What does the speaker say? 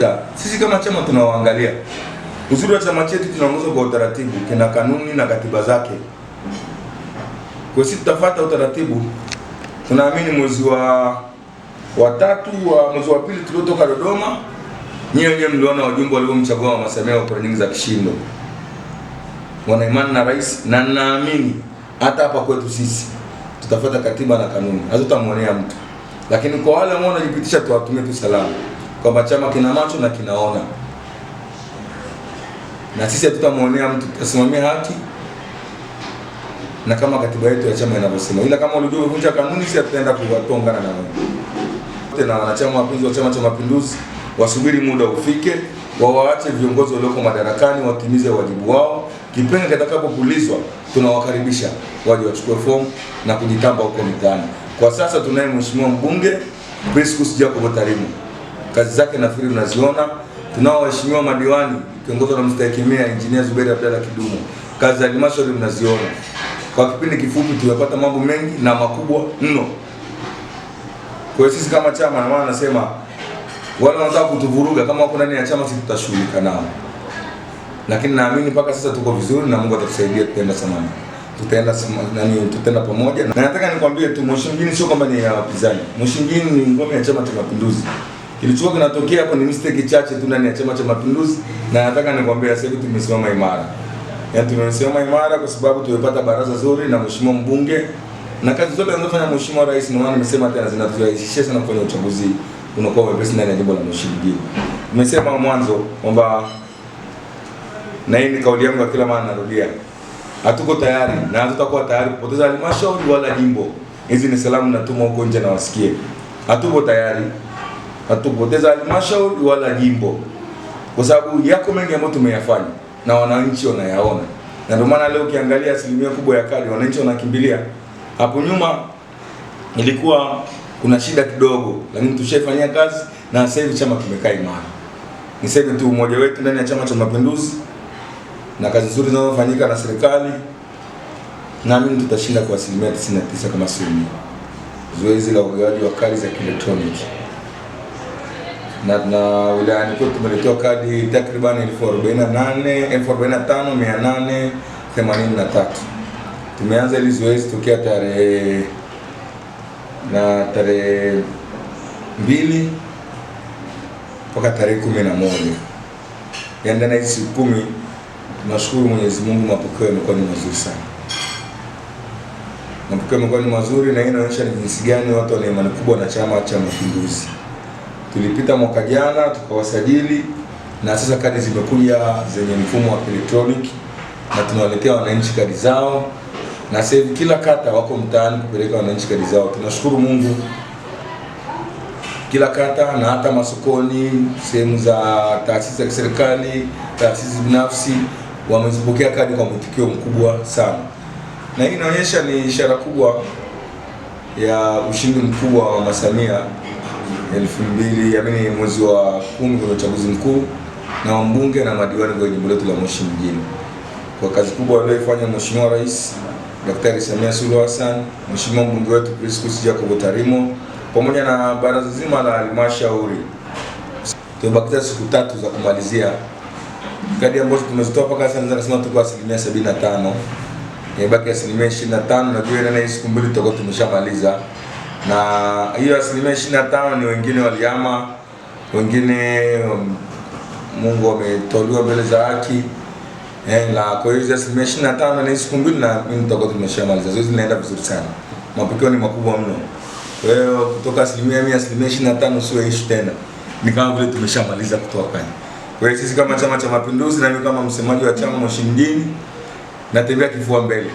uliopita sisi kama chama tunawaangalia. Uzuri wa chama chetu kinaongozwa kwa utaratibu, kina kanuni na katiba zake. Kwa sisi tutafuata utaratibu. Tunaamini mwezi wa watatu wa mwezi wa pili tuliotoka Dodoma, nyie wenyewe mliona wajumbe waliomchagua Mama Samia kwa kura nyingi za kishindo. Wana imani na rais na naamini hata hapa kwetu sisi tutafuata katiba na kanuni, hatutamwonea mtu. Lakini kwa wale ambao wanajipitisha, tuwatumie tu salamu kwamba chama kina macho na kinaona, na sisi hatutamwonea mtu, tutasimamia haki na kama katiba yetu ya chama inavyosema, ila kama ulijua kuvunja kanuni, sisi tutaenda kuwatongana na wewe. Na wanachama wapenzi wa Chama cha Mapinduzi wasubiri muda ufike, wawaache viongozi walioko madarakani watimize wajibu wao. Kipenge kitakapopulizwa, tunawakaribisha waje wachukue fomu na kujitamba huko mitaani. Kwa sasa tunaye mheshimiwa mbunge Priscus Jacob Tarimo kazi zake nafikiri unaziona. Tunao waheshimiwa madiwani kiongozwa na mstahiki meya Injinia Zuberi Abdalla Kidumu, kazi za halmashauri mnaziona. Kwa kipindi kifupi tumepata mambo mengi na makubwa mno. Kwa hiyo sisi kama chama, na maana nasema wale wanataka kutuvuruga, kama wako ndani ya chama sisi tutashughulika nao, lakini naamini mpaka sasa tuko vizuri na Mungu atatusaidia, tutaenda salama tutaenda nani, tutaenda pamoja. Na nataka nikwambie tu Moshi mjini sio kwamba ni ya wapinzani. Moshi mjini ni ngome ya Chama cha Mapinduzi. Kilichokuwa kinatokea hapo ni mistake chache tu ndani ya Chama cha Mapinduzi, na nataka nikwambia sasa hivi tumesimama imara. Yaani tumesimama imara kwa sababu tumepata baraza zuri na mheshimiwa mbunge na kazi zote anazofanya mheshimiwa rais, ni maana nimesema tena zinaturahisishia sana kufanya uchaguzi unakuwa mwepesi ndani ya jimbo la Moshi mjini. Nimesema mwanzo kwamba na hii ni kauli yangu kila mara narudia, hatuko tayari na hatutakuwa tayari kupoteza halmashauri wala jimbo. Hizi ni salamu natuma huko nje na wasikie, hatuko tayari hatupoteza halmashauri wala jimbo, kwa sababu yako mengi ambayo tumeyafanya na wananchi wanayaona, na ndio maana leo ukiangalia asilimia kubwa ya kali wananchi wanakimbilia. Hapo nyuma ilikuwa kuna shida kidogo, lakini tushaifanyia kazi na sasa hivi chama kimekaa imara. Niseme tu umoja wetu ndani ya Chama cha Mapinduzi na kazi nzuri zinazofanyika na serikali, naamini tutashinda kwa asilimia 99 kama sio mia. Zoezi la ugawaji wa kadi za kielektroniki na tuna wilayani kwetu tumeletewa kadi takriban elfu arobaini na nane elfu arobaini na tano mia nane themanini na tatu. Tumeanza hili zoezi tokea tarehe na tarehe mbili mpaka tarehe kumi na moja yaani ndani ya siku kumi. Tunashukuru Mwenyezi Mungu, mapokeo yamekuwa ni mazuri sana, mapokeo yamekuwa ni mazuri, na hii inaonyesha ni jinsi gani watu wana imani kubwa na Chama cha Mapinduzi. Tulipita mwaka jana tukawasajili, na sasa kadi zimekuja zenye mfumo wa kielektroniki na tunawaletea wananchi kadi zao, na sasa hivi kila kata wako mtaani kupeleka wananchi kadi zao. Tunashukuru Mungu, kila kata na hata masokoni, sehemu za taasisi za kiserikali, taasisi binafsi wamezipokea kadi kwa mwitikio mkubwa sana, na hii inaonyesha ni ishara kubwa ya ushindi mkubwa wa Mama Samia elfu mbili yaani mwezi wa kumi kwenye uchaguzi mkuu na wabunge na madiwani kwenye jimbo letu la Moshi mjini. Kwa kazi kubwa aliyoifanya Mheshimiwa Rais Daktari Samia Suluhu Hassan, Mheshimiwa mbunge wetu Priscus Jacob Tarimo pamoja na baraza zima la halmashauri. Tumebakiza siku tatu za kumalizia kadi ambazo tumezitoa mpaka sasa, naweza kusema tuko asilimia 75, imebaki asilimia 25. Najua ndani ya siku mbili tutakuwa tumeshamaliza na hiyo asilimia ishirini na tano ni wengine waliama, wengine um, Mungu wametoliwa mbele za haki eh, na kwa hiyo hizi asilimia ishirini na tano ni siku mbili, na mimi tutakuwa tumeshamaliza zoezi, linaenda vizuri sana, mapokeo ni makubwa mno. Kwa hiyo kutoka asilimia mia asilimia ishirini na tano sio ishu tena, ni kama vile tumeshamaliza kutoa kanya. Kwa hiyo sisi kama Chama cha Mapinduzi, nami kama msemaji wa chama Moshi Mjini natembea kifua mbele